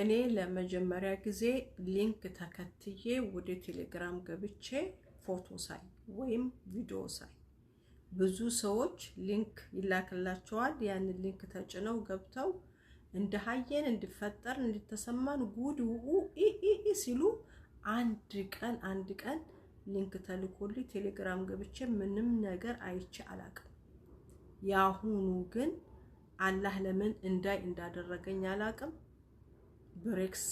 እኔ ለመጀመሪያ ጊዜ ሊንክ ተከትዬ ወደ ቴሌግራም ገብቼ ፎቶ ሳይ ወይም ቪዲዮ ሳይ ብዙ ሰዎች ሊንክ ይላክላቸዋል። ያንን ሊንክ ተጭነው ገብተው እንደ ሀየን እንድፈጠር እንዲተሰማን ጉድ ውኡ ኢኢ ሲሉ አንድ ቀን አንድ ቀን ሊንክ ተልኮልኝ ቴሌግራም ገብቼ ምንም ነገር አይቼ አላቅም። ያሁኑ ግን አላህ ለምን እንዳይ እንዳደረገኝ አላቅም። ብሪክስ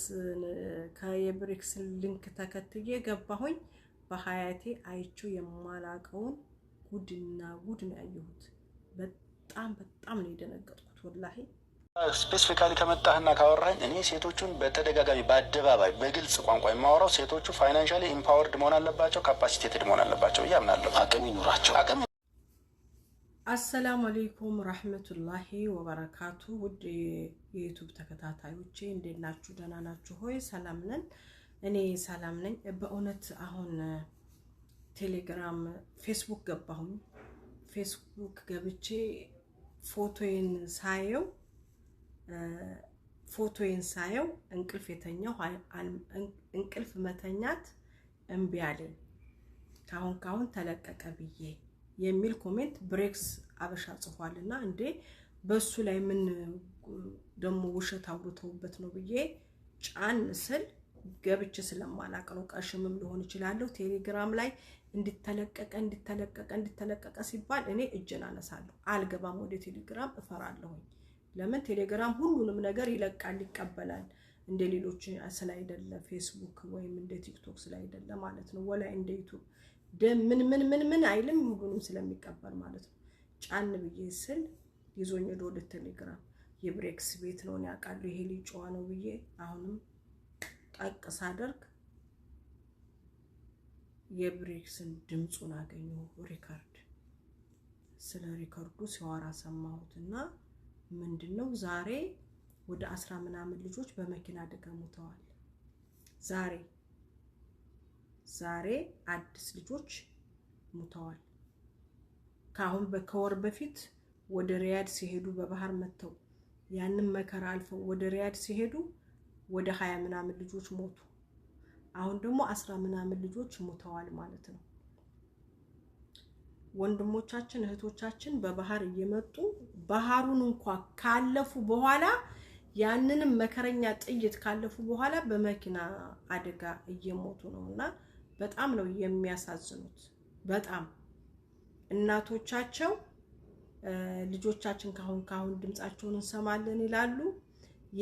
የብሪክስን ሊንክ ተከትዬ ገባሁኝ። በሀያቴ አይቼው የማላቀውን ጉድና ጉድ ነው ያየሁት። በጣም በጣም ነው የደነገጥኩት ወላሂ። ስፔሲፊካሊ ከመጣህና ካወራኝ እኔ ሴቶቹን በተደጋጋሚ በአደባባይ በግልጽ ቋንቋ የማወራው ሴቶቹ ፋይናንሻሊ ኢምፓወርድ መሆን አለባቸው፣ ካፓሲቴትድ መሆን አለባቸው እያምናለሁ። አቅም ይኑራቸው። አቅም አሰላሙ አሌይኩም ረህመቱላሂ ወበረካቱ። ውድ የዩቱብ ተከታታዮቼ እንዴት ናችሁ? ደህና ናችሁ ሆይ? ሰላም ነን። እኔ ሰላም ነኝ። በእውነት አሁን ቴሌግራም፣ ፌስቡክ ገባሁኝ። ፌስቡክ ገብቼ ፎቶዬን ሳየው ፎቶዬን ሳየው እንቅልፍ የተኛው እንቅልፍ መተኛት እምቢ አለኝ። ካሁን ካሁን ተለቀቀ ብዬ የሚል ኮሜንት ብሬክስ አበሻ ጽፏል እና እንዴ በሱ ላይ ምን ደግሞ ውሸት አውርተውበት ነው ብዬ ጫን ስል ገብቼ ስለማላቅ ነው። ቀሽምም ሊሆን ይችላለሁ። ቴሌግራም ላይ እንዲተለቀቀ እንዲተለቀቀ እንዲተለቀቀ ሲባል እኔ እጅን አነሳለሁ። አልገባም ወደ ቴሌግራም እፈራለሁኝ። ለምን ቴሌግራም ሁሉንም ነገር ይለቃል፣ ይቀበላል። እንደ ሌሎች ስላይደለ ፌስቡክ ወይም እንደ ቲክቶክ ስላይደለ ማለት ነው ወላይ እንደ ዩቱብ ደም ምን ምን ምን ምን አይልም ሁሉንም ስለሚቀበል ማለት ነው። ጫን ብዬ ስል ይዞኝ ወደ ወደ ቴሌግራም የብሬክስ ቤት ነው ያውቃሉ፣ ይሄ ልጅ ጨዋ ነው ብዬ አሁንም ጠቅ ሳደርግ የብሬክስን ድምፁን አገኘው ሪከርድ ስለ ሪከርዱ ሲዋራ ሰማሁት እና ምንድን ነው ዛሬ ወደ አስራ ምናምን ልጆች በመኪና አደጋ ሞተዋል ዛሬ ዛሬ አዲስ ልጆች ሙተዋል። ከአሁን ከወር በፊት ወደ ሪያድ ሲሄዱ በባህር መጥተው ያንን መከራ አልፈው ወደ ሪያድ ሲሄዱ ወደ ሀያ ምናምን ልጆች ሞቱ። አሁን ደግሞ አስራ ምናምን ልጆች ሙተዋል ማለት ነው። ወንድሞቻችን እህቶቻችን በባህር እየመጡ ባህሩን እንኳ ካለፉ በኋላ ያንንም መከረኛ ጥይት ካለፉ በኋላ በመኪና አደጋ እየሞቱ ነው እና በጣም ነው የሚያሳዝኑት። በጣም እናቶቻቸው ልጆቻችን ካሁን ካሁን ድምፃቸውን እንሰማለን ይላሉ።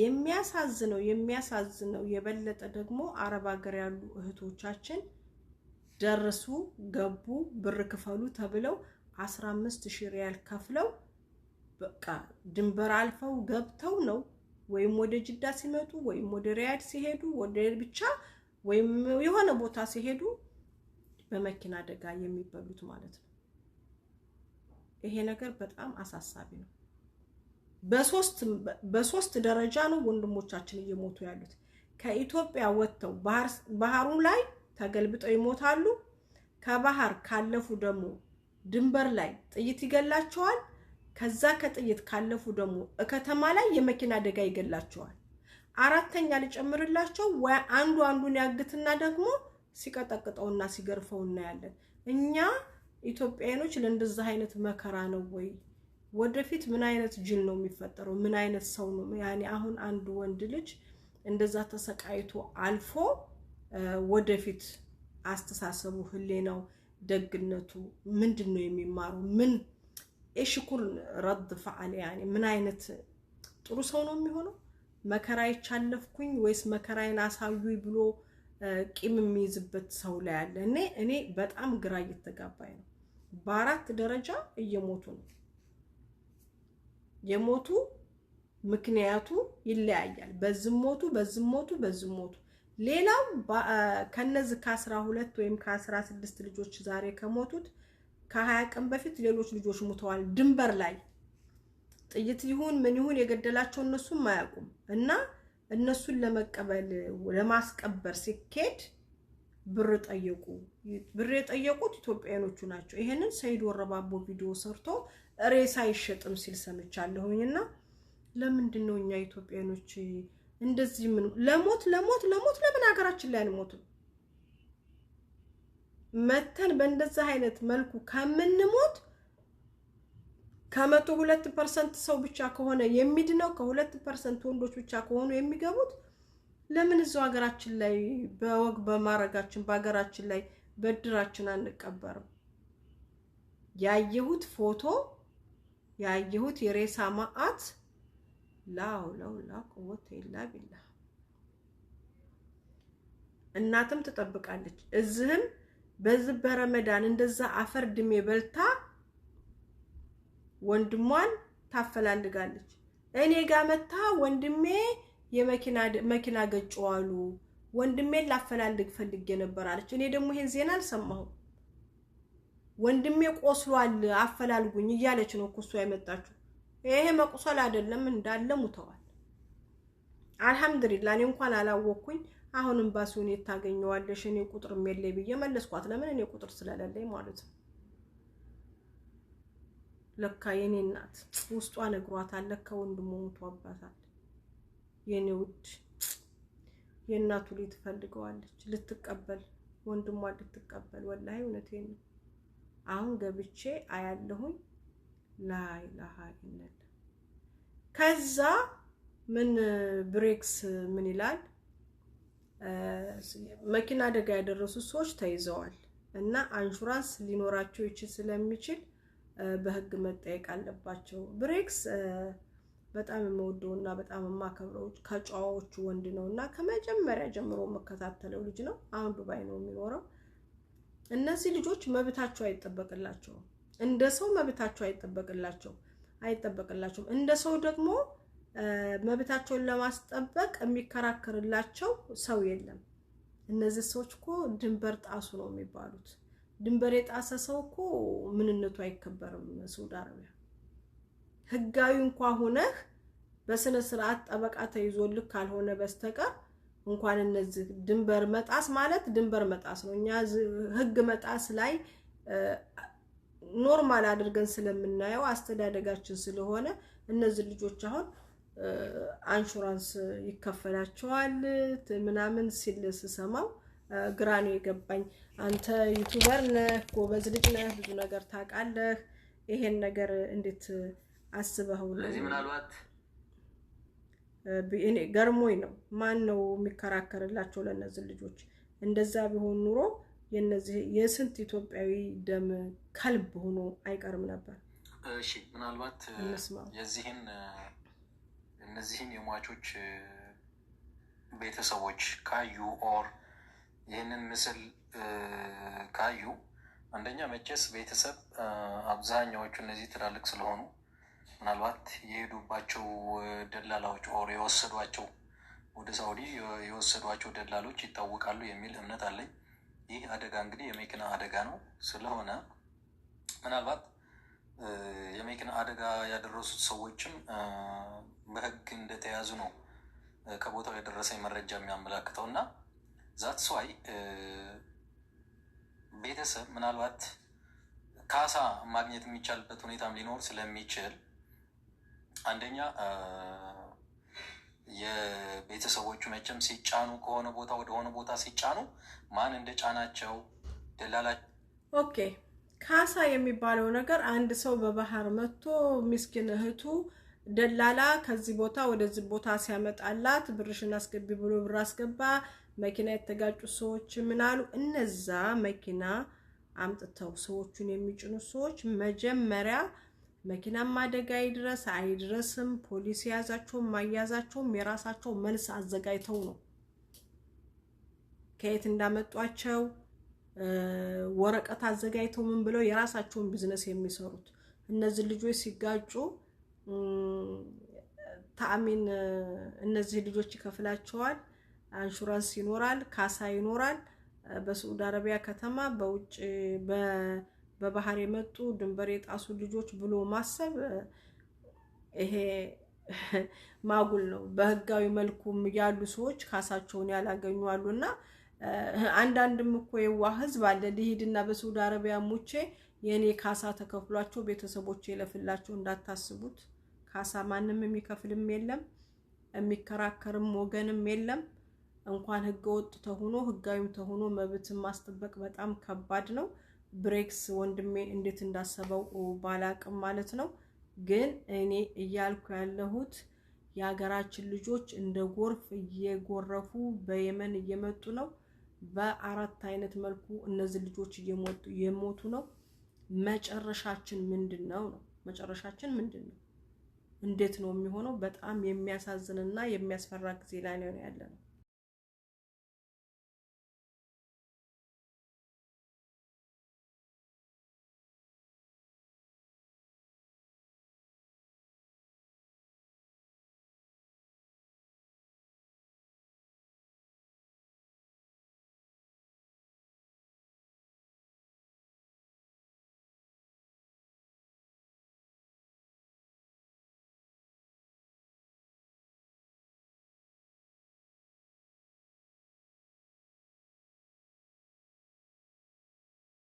የሚያሳዝነው የሚያሳዝነው የበለጠ ደግሞ አረብ ሀገር ያሉ እህቶቻችን ደርሱ፣ ገቡ፣ ብር ክፈሉ ተብለው 15 ሺህ ሪያል ከፍለው በቃ ድንበር አልፈው ገብተው ነው ወይም ወደ ጅዳ ሲመጡ ወይም ወደ ሪያድ ሲሄዱ ወደ ብቻ ወይም የሆነ ቦታ ሲሄዱ በመኪና አደጋ የሚበሉት ማለት ነው። ይሄ ነገር በጣም አሳሳቢ ነው። በሶስት ደረጃ ነው ወንድሞቻችን እየሞቱ ያሉት። ከኢትዮጵያ ወጥተው ባህሩ ላይ ተገልብጠው ይሞታሉ። ከባህር ካለፉ ደግሞ ድንበር ላይ ጥይት ይገላቸዋል። ከዛ ከጥይት ካለፉ ደግሞ ከተማ ላይ የመኪና አደጋ ይገላቸዋል። አራተኛ ልጨምርላቸው አንዱ አንዱን ያግትና ደግሞ ሲቀጠቅጠውና ሲገርፈው እናያለን። እኛ ኢትዮጵያኖች ለእንደዚህ አይነት መከራ ነው ወይ? ወደፊት ምን አይነት ጅል ነው የሚፈጠረው? ምን አይነት ሰው ነው? ያኔ አሁን አንድ ወንድ ልጅ እንደዛ ተሰቃይቶ አልፎ ወደፊት አስተሳሰቡ፣ ህሌናው፣ ደግነቱ ምንድን ነው የሚማሩ? ምን እሽኩል ረድ ፈዓል ያኔ ምን አይነት ጥሩ ሰው ነው የሚሆነው? መከራ ይቻለፍኩኝ ወይስ መከራዬን አሳዩኝ ብሎ ቂም የሚይዝበት ሰው ላይ ያለ እኔ እኔ በጣም ግራ እየተጋባኝ ነው። በአራት ደረጃ እየሞቱ ነው። የሞቱ ምክንያቱ ይለያያል። በዝሞቱ በዝሞቱ በዝሞቱ ሌላው ከነዚህ ከአስራ ሁለት ወይም ከአስራ ስድስት ልጆች ዛሬ ከሞቱት ከሀያ ቀን በፊት ሌሎች ልጆች ሙተዋል ድንበር ላይ ጥይት ይሁን ምን ይሁን የገደላቸው እነሱም አያውቁም። እና እነሱን ለመቀበል ለማስቀበር ሲኬድ ብር ጠየቁ። ብር የጠየቁት ኢትዮጵያኖቹ ናቸው። ይሄንን ሰይድ ወረባቦ ቪዲዮ ሰርቶ ሬሳ አይሸጥም ሲል ሰምቻለሁኝ። እና ለምንድን ነው እኛ ኢትዮጵያኖች እንደዚህ ምን ለሞት ለሞት ለሞት ለምን ሀገራችን ላይ አንሞትም? መተን በእንደዛ አይነት መልኩ ከምንሞት ከመቶ ሁለት ፐርሰንት ሰው ብቻ ከሆነ የሚድነው ከሁለት ፐርሰንት ወንዶች ብቻ ከሆኑ የሚገቡት ለምን እዛው ሀገራችን ላይ በወግ በማረጋችን በሀገራችን ላይ በድራችን አንቀበርም? ያየሁት ፎቶ ያየሁት የሬሳ ማአት ላው ላው ላ ቁወት የላ ቢላ። እናትም ትጠብቃለች እዚህም በዚህ በረመዳን እንደዛ አፈር ድሜ በልታ ወንድሟን ታፈላልጋለች። እኔ ጋር መታ ወንድሜ የመኪና ገጭዋሉ ወንድሜን ላፈላልግ ፈልጌ ነበር አለች። እኔ ደግሞ ይሄን ዜና አልሰማሁም። ወንድሜ ቆስሏል አፈላልጉኝ እያለች ነው እኮ እሷ የመጣችው። ይሄ መቁሰል አይደለም እንዳለ ሙተዋል። አልሐምድሊላ እኔ እንኳን አላወቅኩኝ። አሁንም ኤምባሲውን የታገኘዋለሽ እኔ ቁጥር ሜሌ ብዬ መለስኳት። ለምን እኔ ቁጥር ስለሌለኝ ማለት ነው። ለካ የኔ እናት ውስጧ ነግሯታል። ለካ ወንድሙ ሞቷባታል። የኔ ውድ የእናቱ ልጅ ትፈልገዋለች ልትቀበል ወንድሟ ልትቀበል ወላሂ እውነቴን ነው። አሁን ገብቼ አያለሁኝ ላይ ኢነል ከዛ ምን ብሬክስ ምን ይላል መኪና አደጋ ያደረሱት ሰዎች ተይዘዋል እና አንሹራንስ ሊኖራቸው ይችል ስለሚችል በህግ መጠየቅ አለባቸው። ብሬክስ በጣም የምወደው እና በጣም የማከብረው ከጨዋዎቹ ወንድ ነው እና ከመጀመሪያ ጀምሮ የምከታተለው ልጅ ነው። አሁን ዱባይ ነው የሚኖረው። እነዚህ ልጆች መብታቸው አይጠበቅላቸውም። እንደ ሰው መብታቸው አይጠበቅላቸው አይጠበቅላቸውም። እንደ ሰው ደግሞ መብታቸውን ለማስጠበቅ የሚከራከርላቸው ሰው የለም። እነዚህ ሰዎች እኮ ድንበር ጣሱ ነው የሚባሉት። ድንበር የጣሰ ሰው እኮ ምንነቱ አይከበርም። ሳውዲ አረቢያ ህጋዊ እንኳ ሆነህ በስነ ስርዓት ጠበቃ ተይዞልህ ካልሆነ በስተቀር እንኳን እነዚህ ድንበር መጣስ ማለት ድንበር መጣስ ነው። እኛ ህግ መጣስ ላይ ኖርማል አድርገን ስለምናየው አስተዳደጋችን ስለሆነ እነዚህ ልጆች አሁን አንሹራንስ ይከፈላቸዋል ምናምን ሲል ስሰማው ግራ ነው የገባኝ። አንተ ዩቱበር ነህ፣ ጎበዝ ልጅ ነህ፣ ብዙ ነገር ታውቃለህ። ይሄን ነገር እንዴት አስበኸው? ስለዚህ ምናልባት እኔ ገርሞኝ ነው። ማን ነው የሚከራከርላቸው ለእነዚህ ልጆች? እንደዛ ቢሆን ኑሮ የነዚህ የስንት ኢትዮጵያዊ ደም ከልብ ሆኖ አይቀርም ነበር። እሺ ምናልባት የዚህን እነዚህን የሟቾች ቤተሰቦች ካዩ ኦር ይህንን ምስል ካዩ አንደኛ መቼስ ቤተሰብ አብዛኛዎቹ እነዚህ ትላልቅ ስለሆኑ ምናልባት የሄዱባቸው ደላላዎች ኦር የወሰዷቸው ወደ ሳውዲ የወሰዷቸው ደላሎች ይታወቃሉ የሚል እምነት አለኝ። ይህ አደጋ እንግዲህ የመኪና አደጋ ነው ስለሆነ ምናልባት የመኪና አደጋ ያደረሱት ሰዎችም በሕግ እንደተያዙ ነው ከቦታው የደረሰኝ መረጃ የሚያመላክተው እና ዛት ሰዋይ ቤተሰብ ምናልባት ካሳ ማግኘት የሚቻልበት ሁኔታም ሊኖር ስለሚችል አንደኛ የቤተሰቦቹ መቼም ሲጫኑ ከሆነ ቦታ ወደ ሆነ ቦታ ሲጫኑ ማን እንደ ጫናቸው ደላላ ኦኬ ካሳ የሚባለው ነገር አንድ ሰው በባህር መጥቶ ምስኪን እህቱ ደላላ ከዚህ ቦታ ወደዚህ ቦታ ሲያመጣላት ብርሽን አስገቢ ብሎ ብር አስገባ። መኪና የተጋጩ ሰዎች ምናሉ? እነዛ መኪና አምጥተው ሰዎቹን የሚጭኑ ሰዎች መጀመሪያ መኪናም አደጋ ይድረስ አይድረስም፣ ፖሊስ የያዛቸውም ማያዛቸውም የራሳቸው መልስ አዘጋጅተው ነው ከየት እንዳመጧቸው ወረቀት አዘጋጅተው ምን ብለው የራሳቸውን ቢዝነስ የሚሰሩት እነዚህ ልጆች ሲጋጩ ተአሚን እነዚህ ልጆች ይከፍላቸዋል። አንሹራንስ ይኖራል፣ ካሳ ይኖራል። በሰዑድ አረቢያ ከተማ በውጭ በባህር የመጡ ድንበር የጣሱ ልጆች ብሎ ማሰብ ይሄ ማጉል ነው። በህጋዊ መልኩም ያሉ ሰዎች ካሳቸውን ያላገኙ አንዳንድም እኮ የዋ ህዝብ አለ ልሂድና በሰዑድ አረቢያ ሙቼ የእኔ ካሳ ተከፍሏቸው ቤተሰቦች የለፍላቸው እንዳታስቡት። ካሳ ማንም የሚከፍልም የለም የሚከራከርም ወገንም የለም። እንኳን ህገወጥ ተሆኖ ህጋዊም ተሆኖ መብትን ማስጠበቅ በጣም ከባድ ነው። ብሬክስ ወንድሜ እንዴት እንዳሰበው ባላቅም ማለት ነው። ግን እኔ እያልኩ ያለሁት የሀገራችን ልጆች እንደ ጎርፍ እየጎረፉ በየመን እየመጡ ነው። በአራት አይነት መልኩ እነዚህ ልጆች እየሞቱ ነው። መጨረሻችን ምንድን ነው ነው መጨረሻችን ምንድን ነው? እንዴት ነው የሚሆነው? በጣም የሚያሳዝንና የሚያስፈራ ጊዜ ላይ ነው ያለ ነው።